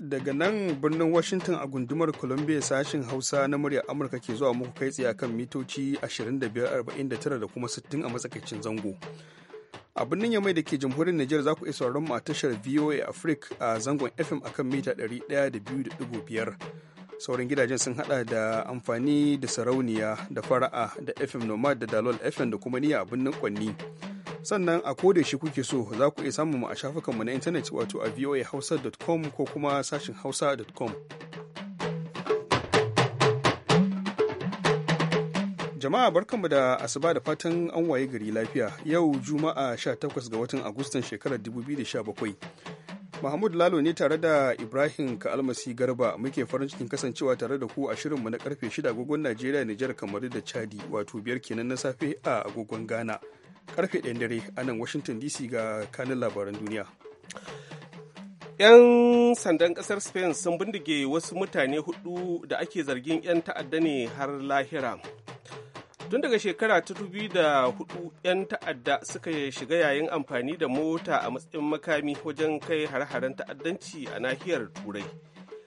daga nan birnin washington a gundumar columbia sashen hausa na muryar amurka ke zuwa muku kai tsaye kan mitoci 2549 da kuma 60 a matsakaicin zango a birnin yamai da ke jamhuriyar nijar za ku iya sauraron mu a tashar voa africa a zangon fm akan mita 102.5 sauran gidajen sun hada da amfani da sarauniya da fara'a da fm nomad da dalol fm da kuma niya abin kwanni sannan a da shi kuke so za ku iya samun mu a shafukanmu na intanet wato a voahausa.com ko kuma sashin hausa.com jama'a barkanmu da asuba da fatan an waye gari lafiya yau juma'a 18 ga watan agustan shekarar 2017 Mahmud Lalo ne tare da Ibrahim Ka'almasi Garba muke farin cikin kasancewa tare da ku a shirinmu na karfe 6 agogon Najeriya, Nijar, Kamaru da Chadi wato biyar kenan na safe a agogon Ghana. Karfe 1 dare a nan Washington DC ga kanin labaran duniya. 'Yan sandan kasar Spain sun bindige wasu mutane hudu da ake zargin 'yan ta'adda ne har lahira. tun daga shekara ta da hudu 'yan ta'adda suka shiga yayin amfani da mota a matsayin makami wajen kai har-haren ta'addanci a nahiyar turai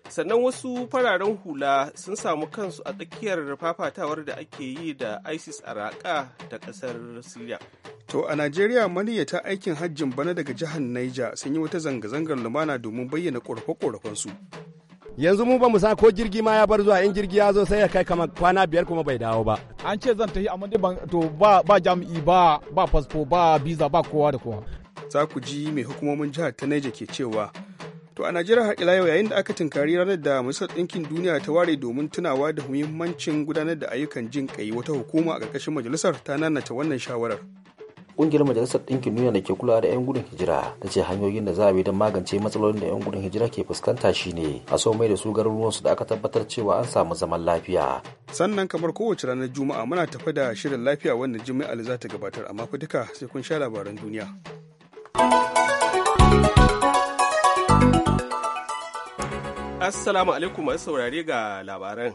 sannan wasu fararen hula sun samu kansu a tsakiyar fafatawar da ake yi da isis a raƙa ta ƙasar syria to a najeriya maniyyata aikin hajjin bana daga jihar niger sun yi wata zanga-zangar lumana domin bayyana ƙorafe-ƙorafensu yanzu mu ba mu sa ko jirgi ma ya bar zuwa in jirgi ya zo sai ya kai kama kwana biyar kuma bai dawo ba an ce zan tafi amma dai to ba ba jami'i ba ba fasfo ba biza ba kowa da kowa za ku ji mai hukumomin jihar ta Niger ke cewa To a Najeriya har ila yau yayin da aka tunkari ranar da Majalisar Dinkin Duniya ta ware domin tunawa da muhimmancin gudanar da ayyukan jin kai wata hukuma a ƙarƙashin majalisar ta nanata wannan shawarar. kungiyar majalisar ɗinkin duniya da ke kula da 'yan gudun hijira ta ce hanyoyin da za a bi don magance matsalolin da 'yan gudun hijira ke fuskanta ne, a so mai da su garuruwansu da aka tabbatar cewa an samu zaman lafiya sannan kamar kowace ranar juma'a muna tafi da shirin lafiya wannan Ali za ta gabatar amma fa duka sai kun sha labaran duniya assalamu alaikum masu saurare ga labaran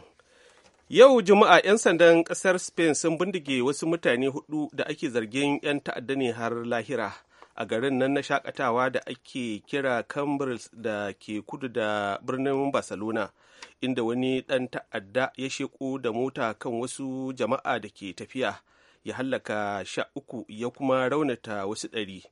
Yau Juma'a 'yan sandan ƙasar Spain sun bindige wasu mutane hudu da ake zargin 'yan ta'adda ne har lahira a garin nan na shakatawa da ake kira Cambrils da ke kudu da birnin Barcelona, inda wani ɗan ta'adda ya sheku da mota kan wasu jama'a da ke tafiya, ya hallaka sha uku ya kuma raunata wasu ɗari.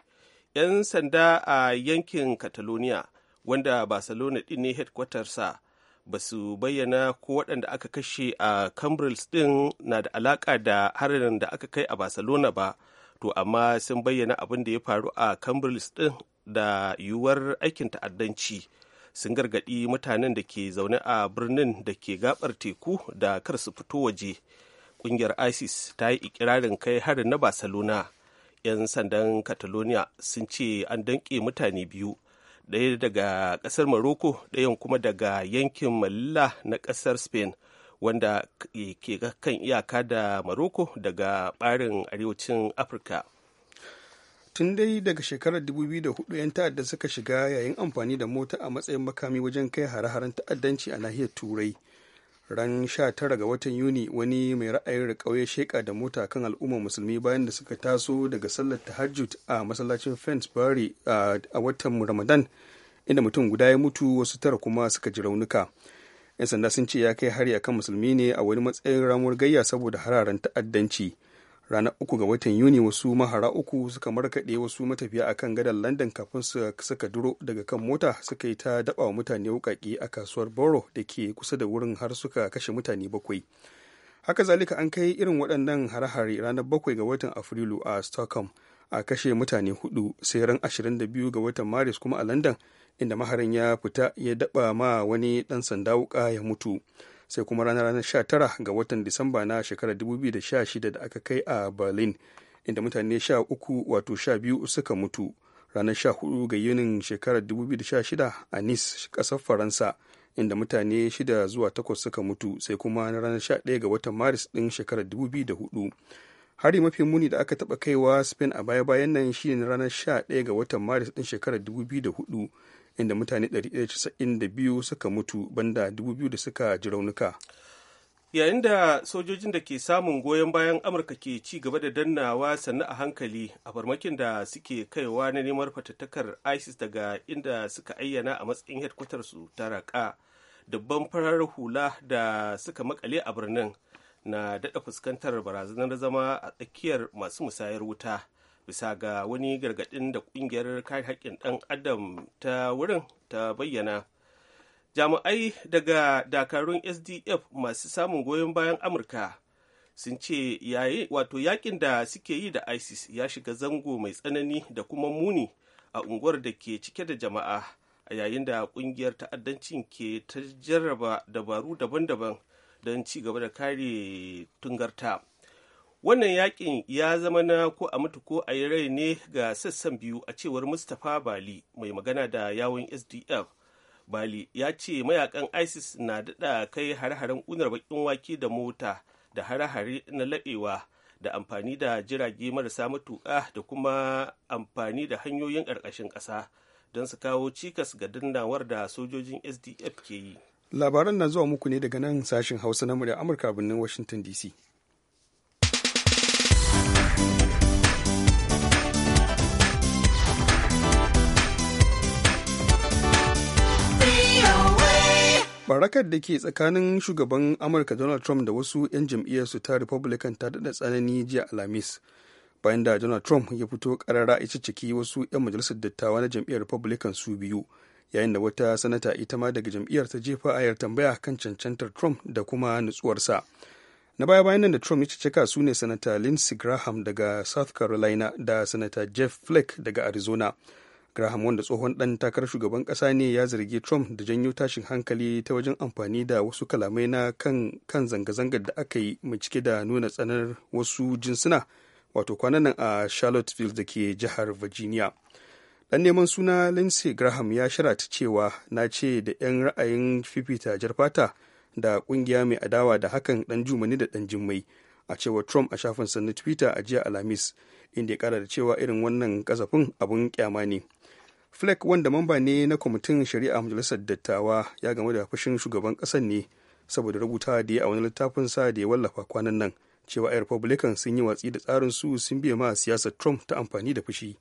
'Yan sanda a yankin Catalonia, wanda Barcelona ɗin ne headquartersa. sa ba su bayyana ko waɗanda aka kashe a cambrils ɗin na da alaƙa da harin da aka kai a barcelona ba to amma sun bayyana abin da ya faru a cambrils ɗin da yiwuwar aikin ta'addanci sun gargaɗi mutanen da ke zaune a birnin da ke gabar teku da kar su fito waje ƙungiyar isis ta yi ikirarin kai harin na barcelona 'yan sandan catalonia sun ce an danƙe mutane biyu ɗaya daga ƙasar Morocco ɗayan kuma daga yankin Malila na ƙasar Spain wanda ke kan iyaka da Morocco daga ɓarin arewacin Afirka. Tun dai daga shekarar 2004 'yan ta'adda suka shiga yayin amfani da mota a matsayin makami wajen kai hare-haren ta'addanci a nahiyar Turai. ran 19 ga watan yuni wani mai ra'ayin riƙau ya sheƙa da mota kan al'ummar musulmi bayan da suka taso daga sallar tahajjud a masallacin fensbury a watan ramadan inda mutum guda ya mutu wasu tara kuma suka ji raunuka 'yan sanda sun ce ya kai hari akan musulmi ne a wani matsayin ramuwar gayya saboda hararan ta'addanci ranar uku ga watan yuni wasu mahara uku suka markaɗe wasu matafiya a kan gadar london kafin su suka duro daga kan mota suka yi ta daba wa mutane wukaki a kasuwar boro da ke kusa da wurin har suka kashe mutane bakwai haka zalika an kai irin waɗannan hare-hare ranar bakwai ga watan afrilu a stockholm a kashe mutane hudu sai ran 22 ga watan maris kuma a london inda maharin ya fita ya daba ma wani ɗan sanda wuka ya mutu sai kuma ranar ranar 19 ga watan disamba na shekarar 2016 da aka kai a berlin inda mutane 13 wato 12 suka mutu ranar 14 ga yunin shekarar 2016 a nice kasar faransa inda mutane 6 zuwa 8 suka mutu sai kuma na ranar 11 ga watan maris din shekarar 2004 hari mafi muni da aka taba kaiwa spain a baya-bayan nan shine ranar 11 ga watan maris din shekarar 2004 inda mutane 192 suka mutu banda 2,000 da suka ji raunuka yayin da sojojin da ke samun goyon bayan amurka ke ci gaba da dannawa sannu a hankali a farmakin da suke kaiwa na neman fatattakar isis daga inda suka ayyana a matsayin su ta raka dubban farar hula da suka makale a birnin na daɗa fuskantar barazanar zama a tsakiyar masu musayar wuta bisa ga wani gargaɗin da ƙungiyar kare haƙƙin ɗan adam ta wurin ta bayyana jami'ai daga dakarun sdf masu samun goyon bayan amurka sun ce wato yakin da suke yi da isis ya shiga zango mai tsanani da kuma muni a unguwar da ke cike da jama'a a yayin da kungiyar ta'addancin ke ta jarraba dabaru daban-daban don ci gaba da kare tungarta wannan yakin ya zama na ko a mutu ko a yi rai ne ga sassan biyu a cewar mustapha bali mai magana da yawon sdf bali ya ce mayakan isis na daɗa kai hare-haren unar bakin wake da mota da hare-hare na laɓewa da amfani da jirage marasa matuƙa da kuma amfani da hanyoyin ƙarƙashin ƙasa don su kawo cikas ga dannawar da sojojin sdf ke yi labaran na zuwa muku ne daga nan sashen hausa na murya amurka birnin washington dc farakar da ke tsakanin shugaban amurka donald trump da wasu 'yan jam'iyyarsu ta republican ta dada tsanani jiya alhamis bayan da donald trump ya fito karara ya ciki wasu 'yan majalisar dattawa na jam'iyyar republican su biyu yayin da wata sanata ita ma daga jam'iyyar ta jefa ayar tambaya kan cancantar trump da kuma nutsuwarsa na baya bayan da trump ya cika su ne sanata lindsey graham daga south carolina da sanata jeff flake daga arizona graham wanda tsohon ɗan takarar shugaban ƙasa ne ya zargi trump da janyo tashin hankali ta wajen amfani da wasu kalamai na kan, kan zanga-zangar da aka yi mai cike da nuna tsanar wasu jinsuna wato kwanan nan a charlottesville da ke jihar virginia dan neman suna lindsey graham ya shirata cewa na ce da 'yan ra'ayin fifita jarfata da kungiya mai adawa da hakan dan jumani da dan jimmai a cewar trump a shafinsa na twitter a jiya alhamis inda ya kara da cewa irin wannan kasafin abun kyama ne flake wanda mamba ne na kwamitin shari'a majalisar dattawa ya game da fushin shugaban ƙasar ne saboda rubuta da ya a wani littafin sa da ya wallafa kwanan nan cewa a republican sun yi watsi da tsarin su sun biya ma siyasar trump ta amfani da fushi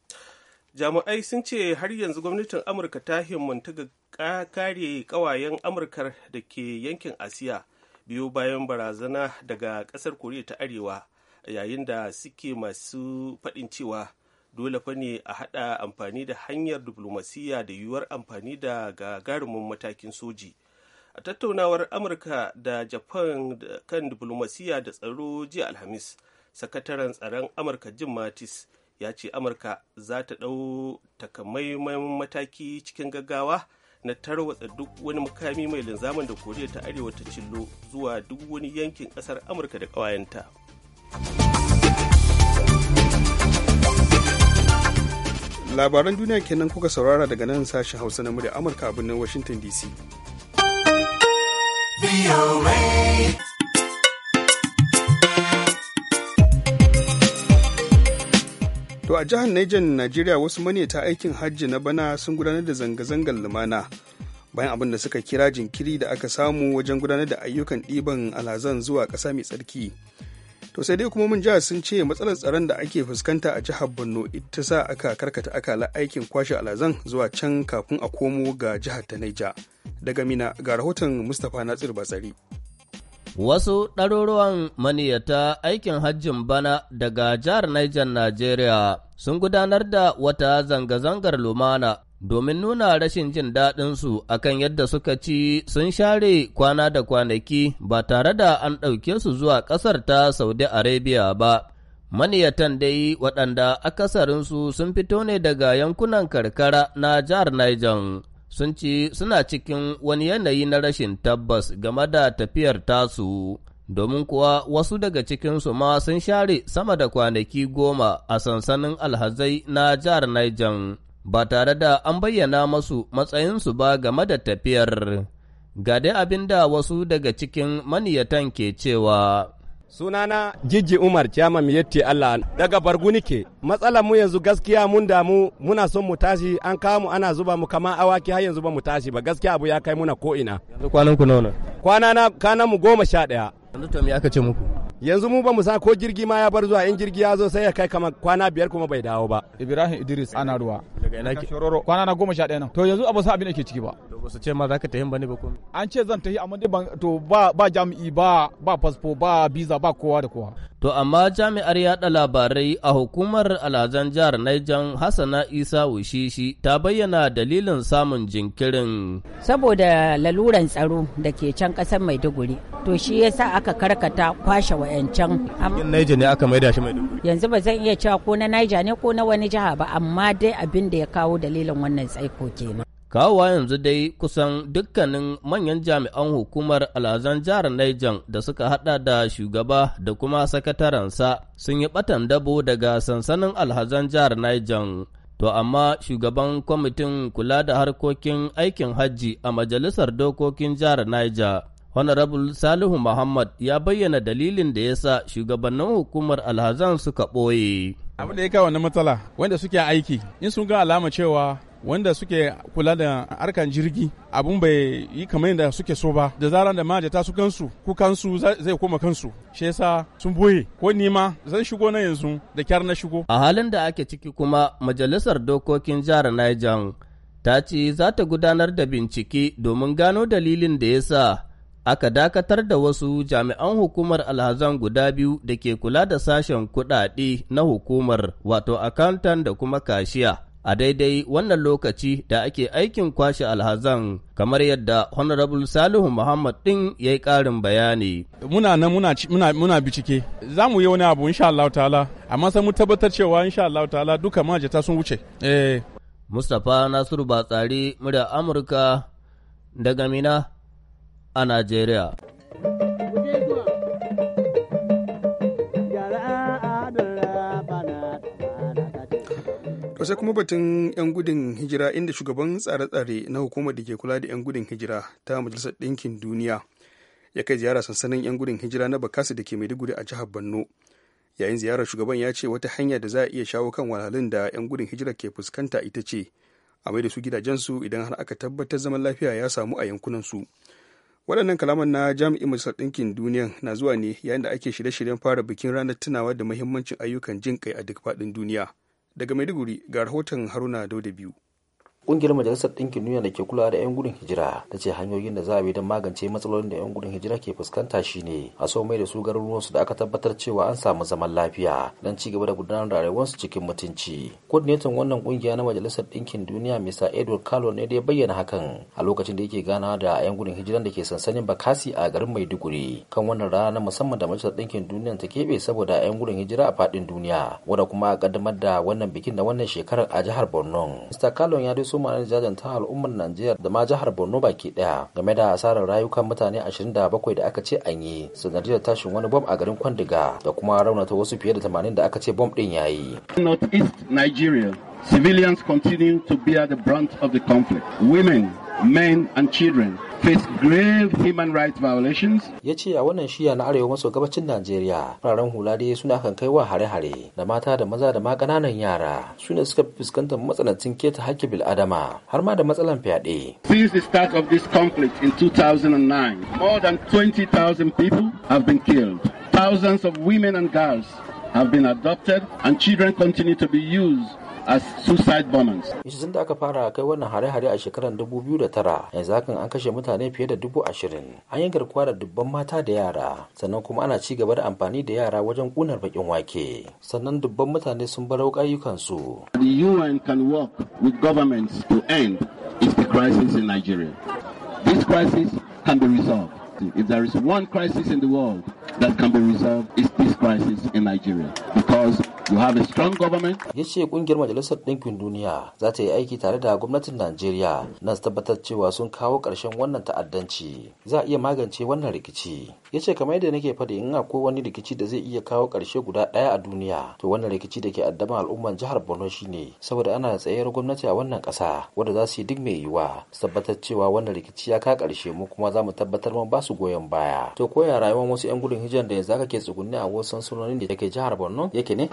jami'ai sun ce har yanzu gwamnatin amurka ta himmanta ga kare kawayen amurkar da ke yankin asiya biyu bayan barazana daga kasar koriya ta arewa yayin da suke masu faɗin cewa dole fa ne a haɗa amfani da hanyar diflomasiyya da yiwuwar amfani da gagarumin matakin soji a tattaunawar amurka da japan kan diflomasiyya da tsaro jiya alhamis sakataren tsaron amurka jim mattis ya ce amurka za ta dau takamaiman mataki cikin gaggawa na tarwatsa duk wani mukami mai linzamin da koriya ta arewa ta cillo zuwa duk wani yankin kasar amurka da ƙawayenta. labaran duniya kenan kuka saurara daga nan sashen hausa na murya amurka a birnin washington dc To a jihar Niger Najeriya wasu manyata aikin hajji na bana sun gudanar da zanga-zangar lumana bayan abin da suka kira jinkiri da aka samu wajen gudanar da ayyukan ɗiban alhazan zuwa ƙasa mai tsarki. to sai dai hukumomin jihar sun ce matsalar tsaron da ake fuskanta a jihar borno ita sa aka karkata akala aikin kwashe alazan zuwa can kafin a komo ga jihar ta naija daga mina ga rahoton mustapha natsir batsari Wasu ɗaruruwan maniyata aikin hajjin bana daga jihar Niger Najeriya sun gudanar da wata zanga-zangar lumana domin nuna rashin jin daɗinsu a kan yadda suka ci sun share kwana da kwanaki ba tare da an ɗauke su zuwa ƙasar ta Saudi Arabia ba. Maniyatan dai waɗanda akasarinsu sun fito ne daga yankunan karkara na jihar Niger sun ci suna cikin wani yanayi na rashin tabbas game da tafiyar tasu. domin kuwa wasu daga cikinsu ma sun share sama da kwanaki goma a sansanin alhazai na jihar Niger. ba tare da an bayyana masu matsayinsu ba game da tafiyar. Ga dai abin da wasu daga cikin maniyatan ke cewa. Sunana Jiji Umar Chairman Yetti Allah daga Barguni nike. Matsalar mu yanzu gaskiya mun damu muna son mu tashi an kawo mu ana zuba mu kama awaki har yanzu ba mu tashi ba gaskiya abu ya kai muna ko ina. Yanzu kwanan ku nawa? Kwana na kana mu goma sha ɗaya. Yanzu to me aka ce muku? yanzu mu ba mu sa ko jirgi ma ya bar zuwa in jirgi ya zo sai ya kai kama kwana biyar kuma bai dawo ba ibrahim idris ana ruwa kwana na goma sha ɗaya nan to yanzu abu sa abin da ke ciki ba to ba su ce ma za ka tafi ba ne ba komai an ce zan tafi amma dai ban to ba ba jami'i ba ba fasfo ba biza ba kowa da kowa To amma jami'ar yaɗa labarai a hukumar alhazan jihar Naijan Hassana Isa Wushishi ta bayyana dalilin samun jinkirin. Saboda laluran tsaro da ke can ƙasar Maiduguri, to shi ya sa aka karkata kwashe wayancan. Yan naija ne aka maida shi Maiduguri. Yanzu ba zan iya cewa ko na naija ne ko na wani jiha ba, amma dai abin da ya kawo dalilin wannan tsaiko kenan. Kawowa yanzu dai kusan dukkanin manyan jami'an hukumar alhazan jihar Niger da suka hada da shugaba da kuma sakataransa sun yi batan dabo daga sansanin alhazan jihar Niger. To amma shugaban kwamitin kula da harkokin aikin hajji a majalisar dokokin jihar Niger, Honorable Salihu Muhammad ya bayyana dalilin da ya sa shugabannin hukumar alhazan suka ɓoye. Abin da ya kawo wani matsala wanda suke aiki in sun ga alama cewa wanda suke kula da harkan jirgi abun bai yi kamar yadda suke so ba da zaran da majata su kansu ku kansu zai koma kansu shi yasa sun boye ko ni zan shigo na yanzu da kyar na shigo a halin da ake ciki kuma majalisar dokokin jihar Niger ta ce za ta gudanar da bincike domin gano dalilin da yasa aka dakatar da wasu jami'an hukumar alhazan guda biyu da ke kula da sashen kuɗaɗe na hukumar wato akantan da kuma kashiya a daidai wannan lokaci da ake aikin kwashe alhazan kamar yadda honorable salihu muhammad din ya yi karin bayani muna nan muna, muna, muna bicike za mu yi wani abu insha Allah ta'ala amma sai mu tabbatar cewa insha Allah ta'ala duka majata sun wuce eh mustapha nasiru batsari murya amurka daga mina a najeriya to kuma batun 'yan gudun hijira inda shugaban tsare-tsare na hukumar da ke kula da 'yan gudun hijira ta majalisar ɗinkin duniya ya kai ziyara sansanin 'yan gudun hijira na bakasa da ke maiduguri a jihar borno yayin ziyarar shugaban ya ce wata hanya da za a iya shawo kan wahalhalun da 'yan gudun hijira ke fuskanta ita ce a mai da su gidajensu idan har aka tabbatar zaman lafiya ya samu a yankunansu waɗannan kalaman na jami'in majalisar ɗinkin duniya na zuwa ne yayin da ake shirye-shiryen fara bikin ranar tunawa da muhimmancin ayyukan jin kai a duk faɗin duniya daga maiduguri ga rahoton haruna dauda biyu Ƙungiyar Majalisar Ɗinkin Duniya da ke kula da 'yan gudun hijira ta ce hanyoyin da za a bi don magance matsalolin da 'yan gudun hijira ke fuskanta shi ne, a so mai da su garuruwansu da aka tabbatar cewa an samu zaman lafiya don ci gaba da gudanar da rayuwarsu cikin mutunci. Kwadinetin wannan ƙungiya na Majalisar Ɗinkin Duniya Mr. Edward Kalo ne da ya bayyana hakan a lokacin da yake gana da 'yan gudun hijiran da ke sansanin Bakasi a garin Maiduguri kan wannan rana na musamman da Majalisar Ɗinkin Duniya ta keɓe saboda 'yan gudun hijira a faɗin duniya wanda kuma a kaddamar da wannan bikin da wannan shekarar a jihar Borno. Mr. Kalo ya su ma'anar jajanta al'ummar najeriya da ma jihar borno baki daya game da asarar rayukan mutane 27 da aka ce an yi sanadiyar tashin wani bom a garin kwandiga da kuma raunata wasu fiye da 80 da aka ce bom din yayi northeast nigeria civilians continue to bear the brunt of the conflict women men and children face grave human rights violations. Ya ce a wannan shiya na arewa maso gabacin Najeriya fararen hula dai suna kan kai wa hare-hare da mata da maza da ma ƙananan yara su ne suka matsanancin keta bil'adama har ma da matsalan fyaɗe. Since the start of this conflict in 2009, more than 20,000 people have been killed. Thousands of women and girls have been adopted and children continue to be used a suicide bombings. Yanzu da aka fara kai wannan hare-hare a shekarar 2009 yanzu hakan an kashe mutane fiye da dubu ashirin. An yi garkuwa da dubban mata da yara sannan kuma ana ci gaba da amfani da yara wajen kunar bakin wake. Sannan dubban mutane sun bar ayyukansu. The UN can work with governments to end is the crisis in Nigeria. This crisis can be resolved. If there is one crisis in the world that can be resolved, it's this crisis in Nigeria. Because You have a strong government. Ya ce kungiyar Majalisar Ɗinkin Duniya za ta yi aiki tare da gwamnatin Najeriya na tabbatar cewa sun kawo ƙarshen wannan ta'addanci. Za a iya magance wannan rikici. Ya ce kamar yadda nake faɗi in akwai wani rikici da zai iya kawo ƙarshe guda ɗaya a duniya to wannan rikici da ke addaban al'umman jihar Borno shi ne saboda ana da tsayar gwamnati a wannan ƙasa wadda za su yi duk mai yiwuwa su tabbatar cewa wannan rikici ya ka ƙarshe mu kuma za mu tabbatar mun ba su goyon baya. To koya rayuwar wasu 'yan gudun hijiran da yanzu aka ke tsugunni a wasu sansanonin da ke jihar Borno yake ne?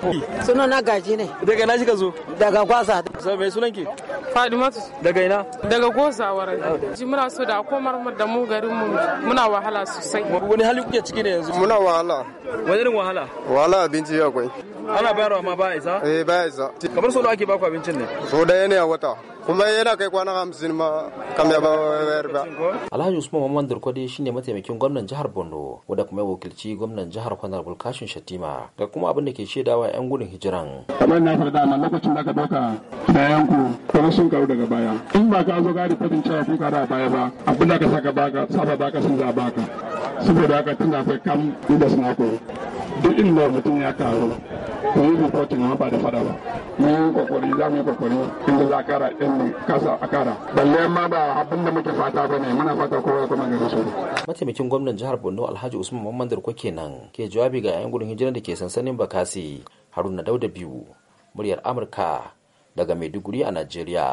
suna na gaji ne. Daga ina kika zo? Daga kwasa. so mai sunan ki? Fadimatu. Daga ina? Daga kwasa warai. Ji muna so da komar mu da mu garin mu muna wahala sosai. Wani hali kuke ciki ne yanzu? Muna wahala. Wani irin wahala? Wahala abinci kwai Ana bayarwa ma ba isa? Eh ba isa. Kamar so da ake ku abincin ne? So da ne a wata. kuma yana kai kwana hamsin ma kam ya ba wayar ba. Alhaji Usman Muhammad Durkwade shine mataimakin gwamnan jihar Borno wanda kuma ya wakilci gwamnan jihar kwanar bulkashin Shatima da kuma abin da ke shaidawa 'yan gudun hijiran. Kamar na farda ma lokacin da ka ɗauka bayanku kuma sun karu daga baya. In ba ka zo gari fadin cewa ku karu a baya ba abin da ka saka baka saba baka sun za baka. Saboda haka tun da kai kam inda suna ko. duk inda mutum ya karu mu yi reporting ma ba da fada ba mu yi kokari za mu yi kokari inda za a kara din kasa a kara balle ma ba abin da muke fata ba ne muna fata kowa kuma ga su mataimakin gwamnan jihar Borno Alhaji Usman Mamman ko kenan ke jawabi ga 'yan gudun hijira da ke sansanin Bakasi Haruna Dauda biyu muryar Amurka daga Maiduguri a Najeriya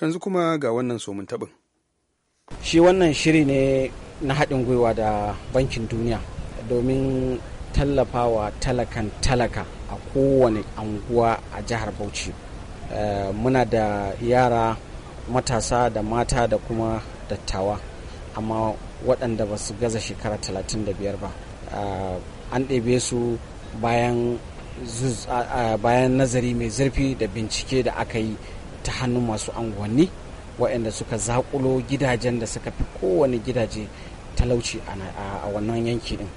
yanzu kuma ga wannan somin tabin shi wannan shiri ne na haɗin gwiwa da bankin duniya domin tallafawa talakan talaka a kowane anguwa a jihar bauchi eh, muna da yara matasa da mata da kuma dattawa amma waɗanda ba su gaza shekara 35 ba eh, an ɗebe su bayan bayan nazari mai zurfi da bincike da aka yi ta hannun masu anguwanni waɗanda suka zaƙulo gidajen da suka fi kowane gidaje talauci a wannan yanki ɗin.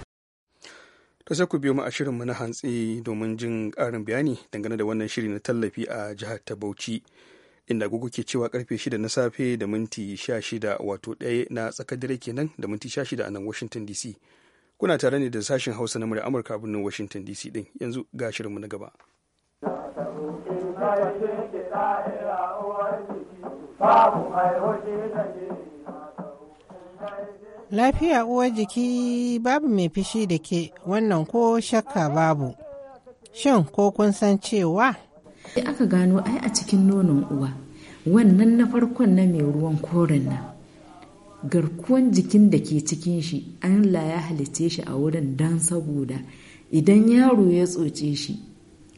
kasa ku biyo mu a shirinmu na hantsi domin jin karin bayani dangane da wannan shiri na tallafi a jihar ta bauchi inda gugu ke cewa karfe 6 na safe da minti 16 wato 1 na tsakar dare kenan da minti 16 a nan washington dc kuna tare ne da sashen hausa na murya amurka a birnin washington dc din yanzu ga shirinmu na gaba babu mai hoji da Lafiya uwar jiki babu mai fishi da ke wannan ko shakka babu. Shin ko kun san cewa? Da aka gano ai a cikin nonon uwa, wannan na farkon na mai ruwan koren nan. Garkuwan jikin da ke cikin shi, Allah ya halitte shi a wurin don saboda idan yaro ya tsoce shi,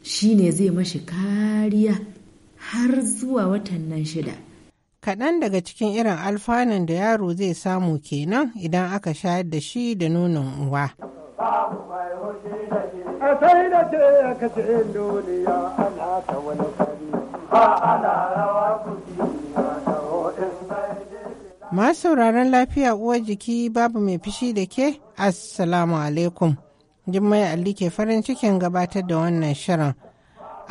shi ne zai mashi kariya har zuwa watan nan shida. Kaɗan daga cikin irin alfanun da yaro zai samu kenan idan aka shayar da shi da nonon uwa. Ma sauraron lafiya uwar jiki babu mai fishi da ke, Assalamu alaikum. Jummai Ali ke farin cikin gabatar da wannan shirin.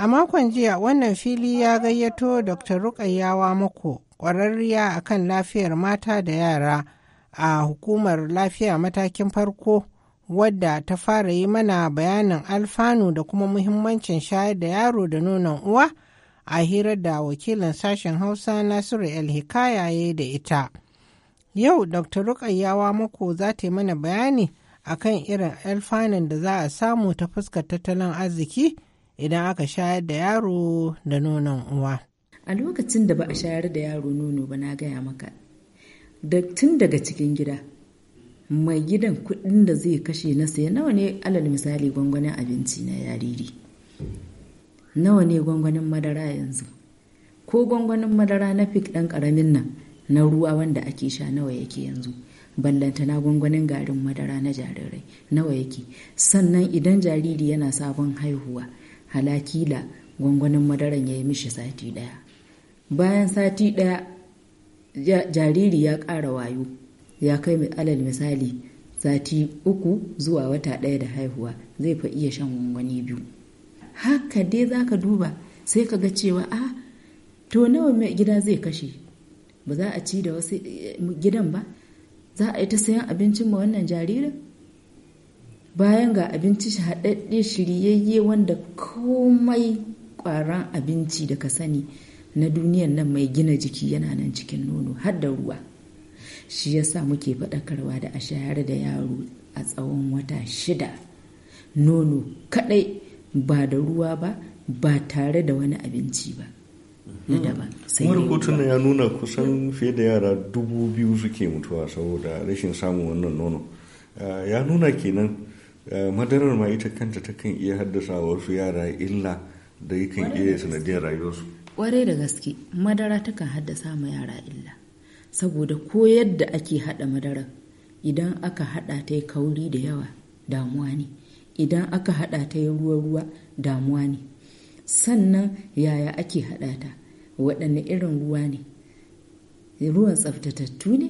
A makon jiya wannan fili ya gayyato Dr. Rukayyawa mako ƙwararriya a kan lafiyar mata da yara a hukumar lafiya matakin farko wadda ta fara yi mana bayanin alfanu da kuma muhimmancin shayar da yaro da nonon uwa a hirar da wakilin sashen Hausa Nasiru El Hikaya da ita. Yau Dr. Rukayyawa mako za ta yi mana bayani akan irin alfanun da za a samu ta fuskar tattalin arziki. idan aka shayar da yaro da nonon uwa. A lokacin da ba a shayar da yaro nono ba na gaya maka, da tun daga cikin gida, mai gidan kuɗin da zai kashe na saya nawa ne alal misali gwangwanin abinci na yariri. Nawa ne gwangwanin madara yanzu? Ko gwangwanin madara na fik ɗan ƙaramin nan na ruwa wanda ake sha nawa yake yanzu? na gwangwanin garin madara na jarirai nawa yake sannan idan jariri yana sabon haihuwa halakila gwangwanin madaran ya yi mishi sati ɗaya bayan sati ɗaya jariri ya ƙara wayo ya kai alal misali sati uku zuwa wata ɗaya da haihuwa zai fa iya shan gwangwani biyu haka dai za ka duba sai ka ga cewa a ah, to nawa mai gida zai kashe ba za a ci da wasu eh, gidan ba za a yi ta sayan abincin ma wannan jaririn bayan ga abinci haɗaɗɗe shiryayye wanda komai ƙwaron abinci da ka sani na duniyan nan mai gina jiki yana nan cikin nono har da ruwa shi ya sa muke faɗakarwa da a shayar da yaro a tsawon wata shida nono kaɗai ba da ruwa ba ba tare da wani abinci ba na mm-hmm. daban sai ya nuna kusan fiye da yara dubu biyu suke mutuwa saboda rashin samun wannan nono ah, ya nuna kenan Eh, madarar ma ita kanta kan iya haddasa wasu yara illa da yakan iya sanadiyar rayuwarsu kwarai da gaske madara ta kan haddasa ma yara illa saboda ko yadda ake hada madara idan aka hada ta yi kauri da yawa damuwa ne idan aka hada ta yi ruwa-ruwa damuwa ne sannan yaya ake hada ta waɗanne irin ruwa ne ruwan tsaftatattu ne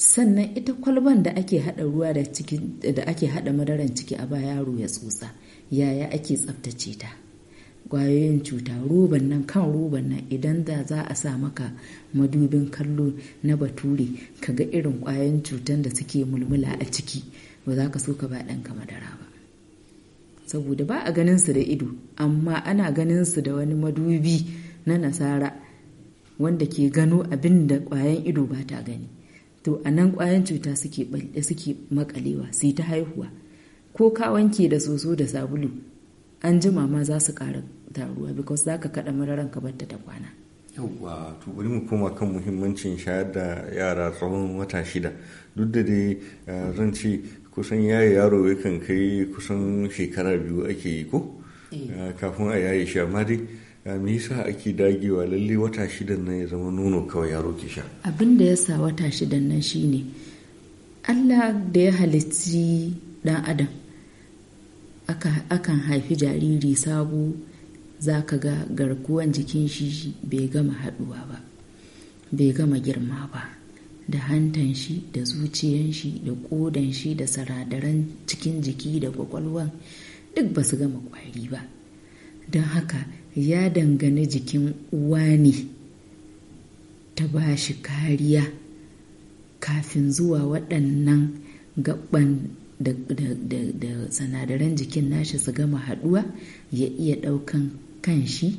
sannan ita kwalban da ake hada ruwa da ciki da ake hada madaran ciki a baya yaro ya tsotsa yaya ake tsaftace ta kwayoyin cuta roban nan kan roban nan idan da za a sa maka madubin kallo na bature ka ga irin kwayoyin cutan da suke mulmula a ciki ba za ka so ka ba ɗanka madara ba saboda ba a ganin su da ido amma ana ganin su da wani madubi na nasara wanda ke gano abin da kwayan ido ba ta gani to a nan ƙwayan cuta suke makalewa su yi ta haihuwa ko ka wanke da soso da sabulu an ji ma za su ƙara taruwa because za ka kaɗa mararan ka barta ta kwana yawwa to bari mu koma kan muhimmancin shayar da yara tsawon wata shida duk da dai eh, zan ce kusan yaye yaro yakan kai kusan shekara biyu ake yi ko eh. Eh, kafin a yaye shi amma dai me yasa ake dagewa lalle wata shidan nan ya zama nono kawai yaro ke sha abin da ya sa wata shidan nan shine allah da ya halitti dan adam akan haifi jariri sabo za ka ga garkuwan jikin shi bai gama haduwa ba bai gama girma ba da hantan shi da zuciyan shi da kodan shi da saradaran cikin jiki da kwakwalwan duk ba su gama kwari ba don haka ya dangane jikin uwa ne ta ba shi kariya kafin zuwa waɗannan gaban da, sinadaran jikin nashi su gama haɗuwa ya iya ɗaukan kanshi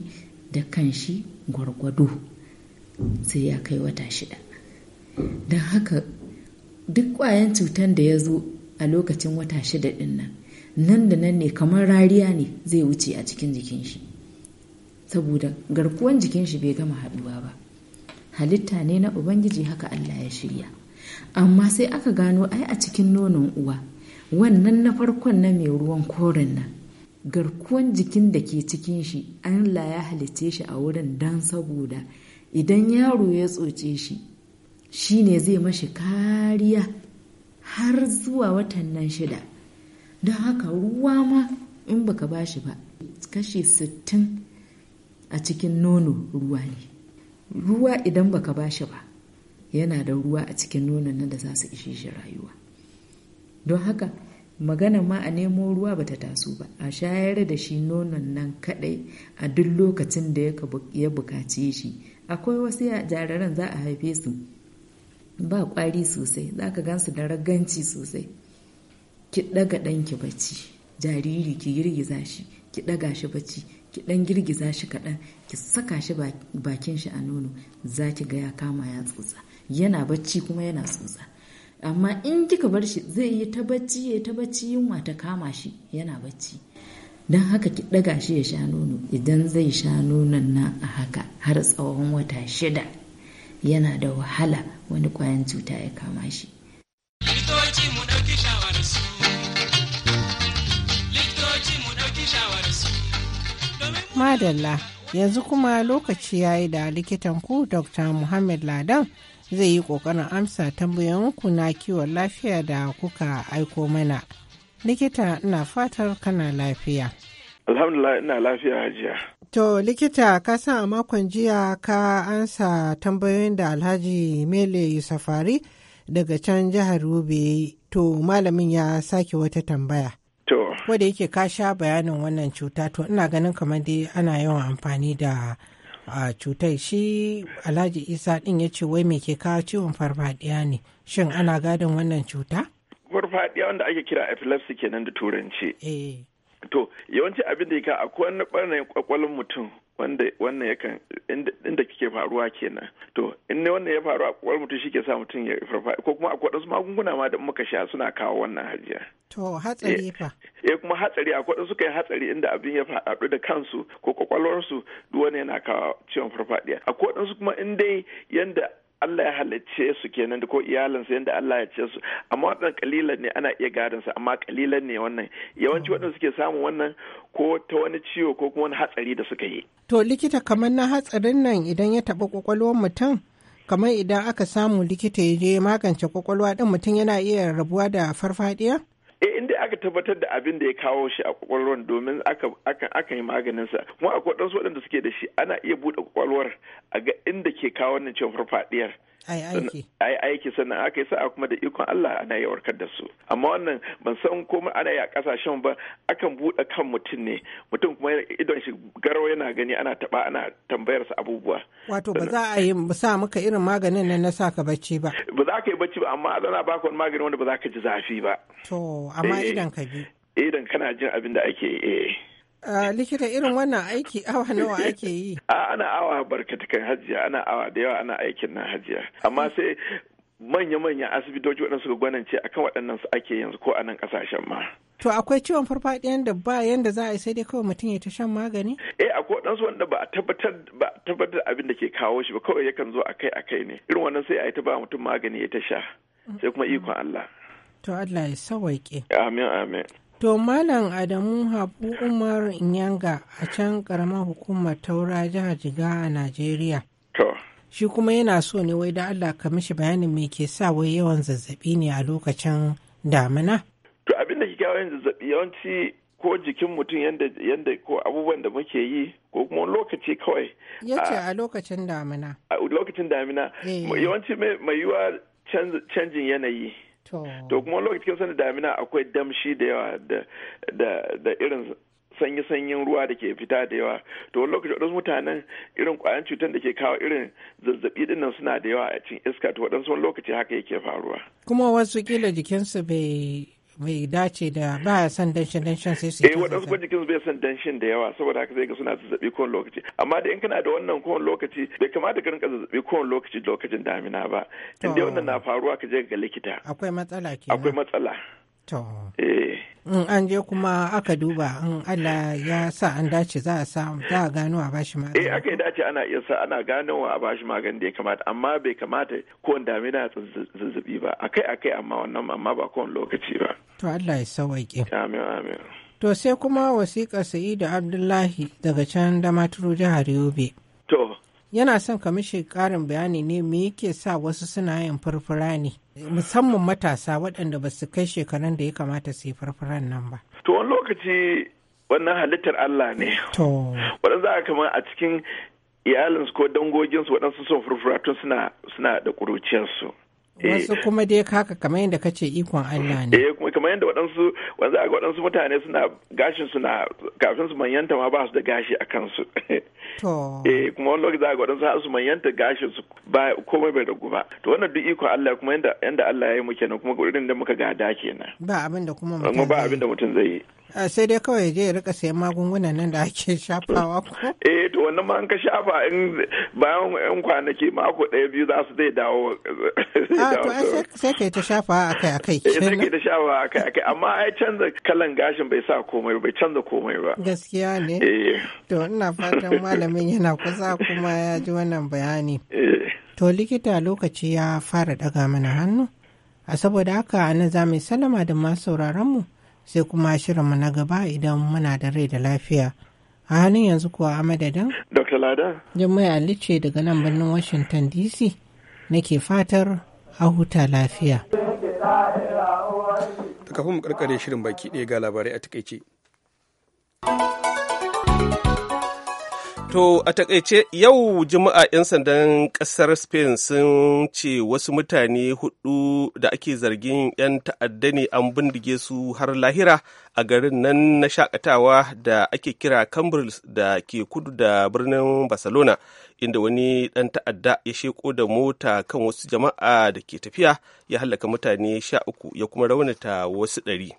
da kanshi gwargwado sai ya kai wata shida don haka duk kwayan cutar da ya zo a lokacin wata shida ɗin nan nan da nan ne kamar rariya ne zai wuce a cikin jikin shi saboda garkuwan jikin shi bai gama haɗuwa ba halitta ne na ubangiji haka allah ya shirya amma sai aka gano ai a cikin nonon uwa wannan na farkon na mai ruwan koren nan garkuwan jikin da ke cikin shi allah ya halicce shi a wurin dan saboda idan yaro ya tsoce shi shi ne zai mashi kariya har zuwa watan shida don haka ruwa ma in baka ba shi ba kashi sittin a cikin nono ruwa ne ruwa idan baka ba shi ba yana da ruwa a cikin nonon nan da za su ishe shi rayuwa don haka magana ma a nemo ruwa bata taso ba a shayar da shi nonon nan kadai a duk lokacin da ya bukace shi akwai wasu jariran za a haife su ba kwari sosai za ka gansu da raganci sosai ki ɗaga ɗanki bacci jariri ki girgiza shi ki ɗaga shi bacci ki dan girgiza shi kaɗan ki saka shi bakin shi a nono za ki ga ya kama ya tsotsa yana bacci kuma yana tsotsa amma in kika bar shi zai yi ta bacci ya ta bacci yunwa ta kama shi yana bacci don haka ki ɗaga shi ya sha nono idan zai sha nonon nan a haka har tsawon wata shida yana da wahala wani kwayan cuta ya kama shi. mu ɗauki shawararsu. Madalla, yanzu kuma lokaci ya yi da likitan ku Dr. Muhammad Ladan zai yi ƙoƙarin amsa tambayoyinku na kiwon lafiya da kuka aiko mana. Likita ina fatar kana lafiya. Alhamdulillah ina lafiya hajiya. To likita ka san a makon jiya ka ansa tambayoyin da Alhaji Mele Safari daga can jihar Yobe to malamin ya sake wata tambaya. ko da yake ka sha bayanin wannan cuta to ina ganin kamar dai ana yawan amfani da a shi alhaji isa din ya ce wai me ke kawo ciwon farfadiya ne shin ana gadin wannan cuta farfadiya wanda ake kira epilepsy kenan da turanci eh. to yawanci abin da ya ka akwai wani ɓarnayin kwakwalwar mutum wanda wannan yakan inda kike faruwa kenan to in ne wannan ya faru a kwakwalwar mutum shi ke sa mutum ya farfa ko kuma akwai wasu magunguna ma da muka sha suna kawo wannan hajiya to hatsari eh, fa eh kuma hatsari akwai wasu kai hatsari inda abin ya faɗu da kansu ko kwakwalwarsu duk wani yana kawo ciwon farfadiya akwai wasu kuma in dai yanda Allah ya halicce su kenan da ko iyalinsa yadda Allah ya ce su amma wannan kalilan ne ana iya gadon su amma kalilan ne wannan yawanci mm. waɗanda suke samun wannan ko ta wani ciwo ko kuma wani hatsari da suka yi to likita kamar na hatsarin nan idan ya taɓa kwakwalwar mutum kamar idan aka samu likita ya je magance kwakwalwa din mutum yana iya rabuwa da farfadiya eh inda aka tabbatar da abin da ya kawo shi a kwakwalwar domin aka yi maganin sa kuma akwai waɗansu waɗanda suke da shi ana iya buɗe kwakwalwar a ga inda ke kawo wannan cin farfadiyar ai aiki sannan aka yi sa'a kuma da ikon Allah ana yi warkar da su amma wannan ban san komai ana yi a kasashen ba akan buɗe kan mutum ne mutum kuma idon shi garo yana gani ana taba ana tambayar su abubuwa wato ba za a yi sa maka irin maganin nan na sa ka bacci ba ba za ka yi bacci ba amma zana baka wani magani wanda ba za ka ji zafi ba to amma eh. idan ka bi idan kana jin abin da ake eh likita irin wannan aiki awa nawa ake yi ana awa barkatakan hajiya ana awa da yawa ana aikin nan hajiya amma sai manya-manyan asibitoci waɗanda suka gwanance akan waɗannan su ake yanzu ko a nan ƙasashen ma To akwai ciwon farfaɗiyan da ba yanda za a yi sai dai kawai mutum ya ta shan magani? Eh akwai waɗansu wanda ba a tabbatar ba a tabbatar abin da ke kawo shi ba kawai yakan zo akai akai ne. Irin wannan sai a yi ta ba mutum magani ya ta sha. Sai kuma ikon Allah. To Allah ya sawaike. Amin amin. To Malam Adamu Habu Umar Nyanga a can karamar hukumar taura jihar Jiga a Najeriya. To. Shi kuma yana so ne wai da Allah ka mishi bayanin me ke sa wai yawan zazzabi ne a lokacin damina? To abin da ke yawan zazzabi yawanci ko jikin mutum yadda ko abubuwan da muke yi ko kuma lokaci kawai. Ya ce a lokacin damina. A lokacin damina. Eh. Yawanci mai yiwuwa canjin yanayi. to kuma lokacin sanda damina akwai damshi da yawa da irin sanyi-sanyin ruwa da ke fita da yawa to wani lokaci waɗansu mutanen irin ƙwayan cutar da ke kawo irin zazzaɓi nan suna da yawa a cikin iska to waɗansu wani lokaci haka yake faruwa kuma wasu kila jikinsu bai bai dace da ba ya san danshin danshin sai su yi eh, waɗansu kuma jikin bai san danshin da yawa saboda haka zai ga suna zazzabi kowan lokaci amma da in kana da wannan kowan lokaci bai kamata ka rinka zazzabi kowan lokaci lokacin damina ba inda wannan na faruwa ka je ga likita akwai matsala kenan akwai matsala to eh in an je kuma aka duba in Allah ya sa an dace za a sa za a gano a bashi magani eh aka dace ana iya sa ana gano a bashi magani da ya kamata amma bai kamata ko damina zazzabi ba akai akai amma wannan amma ba kowane lokaci ba to Allah ya sauwaƙe amin amin to sai kuma wasiƙa Sa'idu Abdullahi daga can Damaturu jihar Yobe to yana son ka mishi bayani ne me yake sa wasu suna yin furfura ne musamman matasa waɗanda ba su kai shekarun da ya kamata su yi furfuran nan ba. To wani lokaci wannan halittar Allah ne. To. Waɗanda za a cikin iyalinsu ko dangoginsu waɗansu son furfura tun suna da ƙuruciyarsu. wasu eh. kuma dai kaka kamar yadda kace ikon Allah ne eh kuma kamar yadda waɗansu wanzu a waɗansu mutane suna gashin suna kafin su manyanta ma ba su da gashi a kansu to eh kuma wani lokaci a waɗansu har su manyanta gashin su ba komai bai ragu ba to wannan duk ikon Allah kuma yadda Allah ya yi mu kenan kuma gurin da muka gada kenan ba abin da kuma mutum ba abin da mutum zai yi Eh, sai dai kawai je ya rika sayan magungunan nan da ake shafawa ko eh to wannan ma an ka shafa in bayan yan kwanaki mako ɗaya biyu za su zai dawo a ah, to sai kai ta shafa a a kai. eh sai kai ta shafa a kai a kai amma ai canza kalan gashin bai sa komai bai canza komai ba gaskiya ne eh. to ina fatan malamin yana kusa kuma ya ji wannan bayani eh. to likita lokaci ya fara daga mana hannu a saboda haka nan za mu salama da masu sauraron mu sai kuma shirinmu na gaba idan muna da rai da lafiya. A halin yanzu kuwa a madadin? Dr. Lada. Jummai Ali ce daga nan birnin Washington DC nake fatar a huta lafiya. Kafin mu karkare shirin baki ɗaya ga labarai a takaice. To a takaice yau juma'a 'yan sandan kasar Spain sun ce wasu mutane hudu da ake zargin 'yan ta'adda ne an bindige su har lahira a garin nan na shakatawa da ake kira Cambrils da ke kudu da birnin Barcelona inda wani ɗan ta'adda ya sheko da mota kan wasu jama'a da ke tafiya ya halaka mutane sha uku ya kuma raunata wasu ɗari.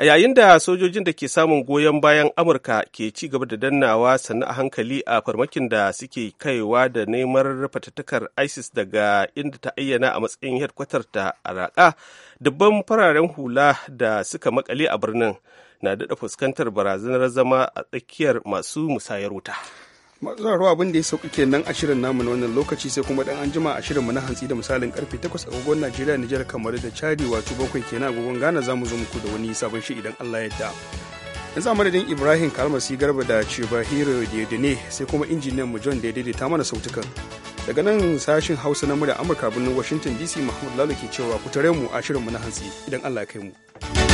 a yayin da sojojin da ke samun goyon bayan amurka ke ci gaba da dannawa sannu a hankali a farmakin da suke kaiwa da neman fatattakar isis daga inda ta ayyana a matsayin hedkwatar ta raka dubban fararen hula da suka makale a birnin na daɗa fuskantar barazanar zama a tsakiyar masu musayar wuta matsararo abin da ya sauka kenan a shirin namu na wannan lokaci sai kuma dan anjima a shirinmu na hantsi da misalin karfe 8 agogon Najeriya Nijar kamar da Chadi wato bakwai kenan agogon Ghana zamu zo muku da wani sabon shi idan Allah ya yarda. Yanzu a madadin Ibrahim Kalmasi Garba da Chibahiro Dedene sai kuma injiniyan mu John da daidaita mana sautukan. Daga nan sashin Hausa na murya Amurka birnin Washington DC Muhammad Lalo ke cewa ku tare mu a shirin mu na hantsi idan Allah ya kai mu.